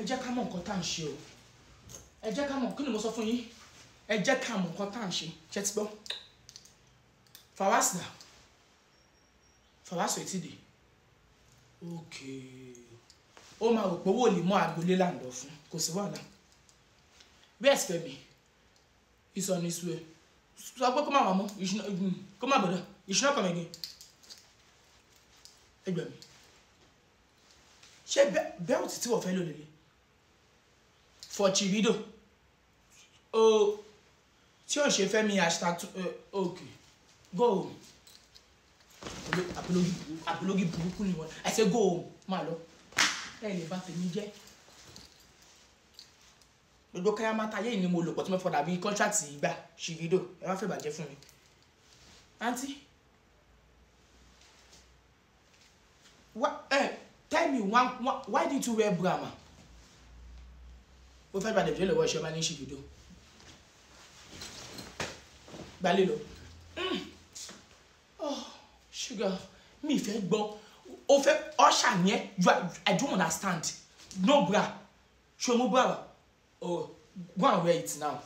ẹ jẹ́ ká mọ̀ nǹkan tá à ń ṣe o ẹ jẹ́ ká mọ̀ kí ni mo sọ fún yín ẹ jẹ́ ká mọ̀ nǹkan tá à ń ṣe ṣe ti gbọ́ fàwásìlà fàwásì ètí dè ókè ó máa rò pé owó lè mọ agbolé láǹdọ fún kò sí wàhálà bẹ́ẹ̀ sì fẹ́mi ìsọ̀nù ìṣúwẹ̀ sọ pé kó má wà mọ́ mm, kó má bọ̀dọ̀ ìṣúná kọ̀ mẹ́gẹ́ ẹgbẹ̀mí ṣé bẹ́ẹ̀ òtítí wọ̀ fẹ́ lò lélẹ̀ Fortivido Oh, tí ò ṣe Fẹ́mi hashtag eh, ok go home àpèlógì àpèlógì burúkú ni wọn I say go home máa lọ ẹ lè bá tèmi jẹ́ gbogbo káyà máa tayé ni mo lò pọ̀ tí mo fọ̀ dàbí kọ́ńtrátì ìgbà ṣìgídò ẹ wá fẹ́ bàjẹ́ fún mi àǹtí wá ẹ eh, tell me one, one, why did you wear bra ma ó fẹ́ bá dẹ̀bìrì lọ́wọ́ ìṣọba ní ṣìgìdó gbalẹ̀ lọ ṣúgà mm. oh, mi ìfẹ́ gbọ́ ó fẹ́ ọ̀ṣà yẹn I don't understand no bra ṣé mo bra oh go and wear it now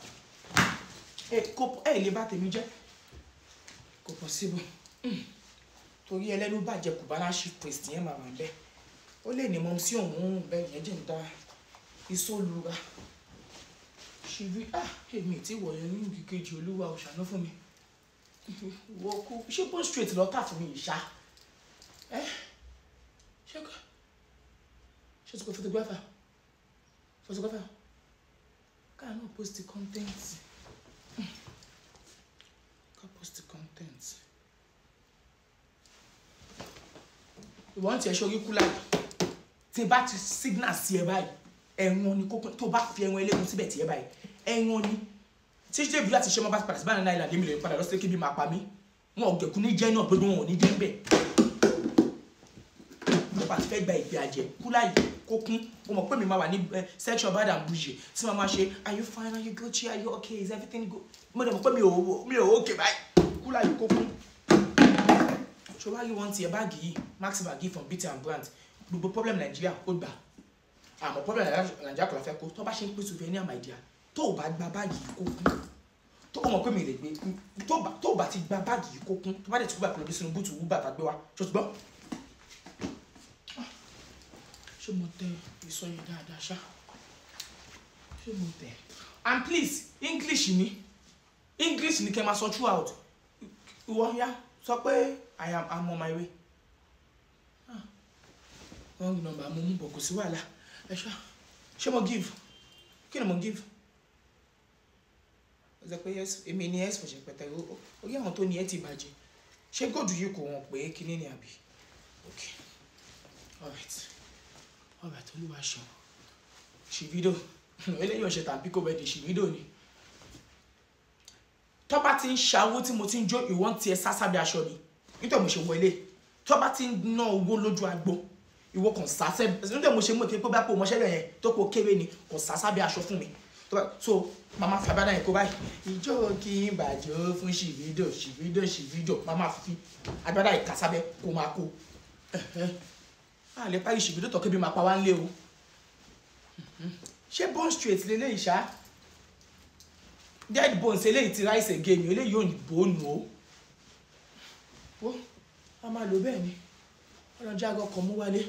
ẹ kò ẹ lè bá tèmi jẹ́ kò possible mm. torí ẹlẹ́nu bàjẹ́ kùbánà ṣì pèsè yẹn màmá bẹ́ẹ̀ ó lè ní mọ́ sí òun bẹ́ẹ̀ yẹn jẹ́ ń dára ìsọlùra ṣèbí ah èmi ti wọ̀ yẹn ní ìkejì olúwa ò ṣàánú fún mi wọ kú ṣé bó straight lọ́tà fún mi ìṣá ẹ ṣé kọ́ ṣé ti kọ́ photographer photographer káà náà post content ká post content ìwọ́n ti ẹ̀ ṣorí kú láyé tí bá ti signal sí ẹ báyìí ẹ̀wọ̀n ni kókó tó bá fi ẹ̀wọ̀n eléegun síbẹ̀ tiẹ̀ báyìí ẹ̀wọ̀n ni tí ṣe bí láti ṣe ọmọ bá padà sí báyìí náírà lémi lè padà lọ́sẹ̀ kébí máa pa mí wọn ọ̀gẹ̀kú ní jẹ́ náà gbogbo wọn ò ní jẹ́ ń bẹ̀. mo bá ti fẹ́ gba ìgbé àjẹ kú láyè kó mo mọ̀ pé mi máa wà ní section bad and bougie tí màá máa ṣe are you fine are you Gucci are you okay is everything good mo dẹ̀ mọ̀ pé mi ò mi ò okay báyìí kú láyè kó kún àmọ́ problem nàìjíríà kò kó tó bá ṣe ń pín souvenir my dear tó o bá gba báàgì yìí kó kún tó o mọ̀ pé mi lè gbé tó o bá ti gba báàgì yìí kó kún tó bá dẹ̀ ti kú bàtà lóbi sínú búùtù wú bàtà gbé wa ah, ṣòtúbọ̀. ṣé mo tẹ ìsọyìn dáadáa ṣá ṣé mo tẹ and please english ni english ni kẹ́ máa sọ throughout ìwọ ya sọ pé i am I'm on my way. Ah, wrong number mo mú bọ̀ kò sí wàhálà ẹ ṣá ṣé mo give kí ni mo give ó sọ pé yes èmi ni yes fọ̀ṣẹ̀ pẹ̀tẹ́ orí àwọn tó ní ẹ ti bàjẹ́ ṣé góòdù yìí kò wọ́n pé kínní ni àbí ok alright alright olúwa ṣeun ṣìbídò eléyìí ọ̀ṣẹ̀ tàbí kò bẹ́ẹ̀ di ṣìbídò ni tó bá ti ń ṣàwó tí mo ti ń jó ìwọ́n ti ẹ sásábẹ́ aṣọ mi nítorí mo ṣe wọlé tó bá ti ń ná owó lójú agbo ìwọ kàn sá sẹ́bi tó mo ṣe mú kí pé bá pò mọ́ṣẹ́ bẹ̀yẹn tó po kéré ni kàn sá sábẹ́ aṣọ fún mi so Mama, fi abẹ́dá yẹn kó báyìí ìjọ kí n bàjẹ́ fún ṣìbídò ṣìbídò ṣìbídò màmá fi abẹ́dá yìí kà kó máa kó àlẹ́ parí ṣìbídò tọ́ kébi máa pa wá ń lé o ṣé bone straight lélẹ́yìí ṣá dead bones eléyìí ti rise again eléyìí ò ní o ó a máa lò bẹ́ẹ̀ ni ọlọ́jà agọkọ̀ mú wálé.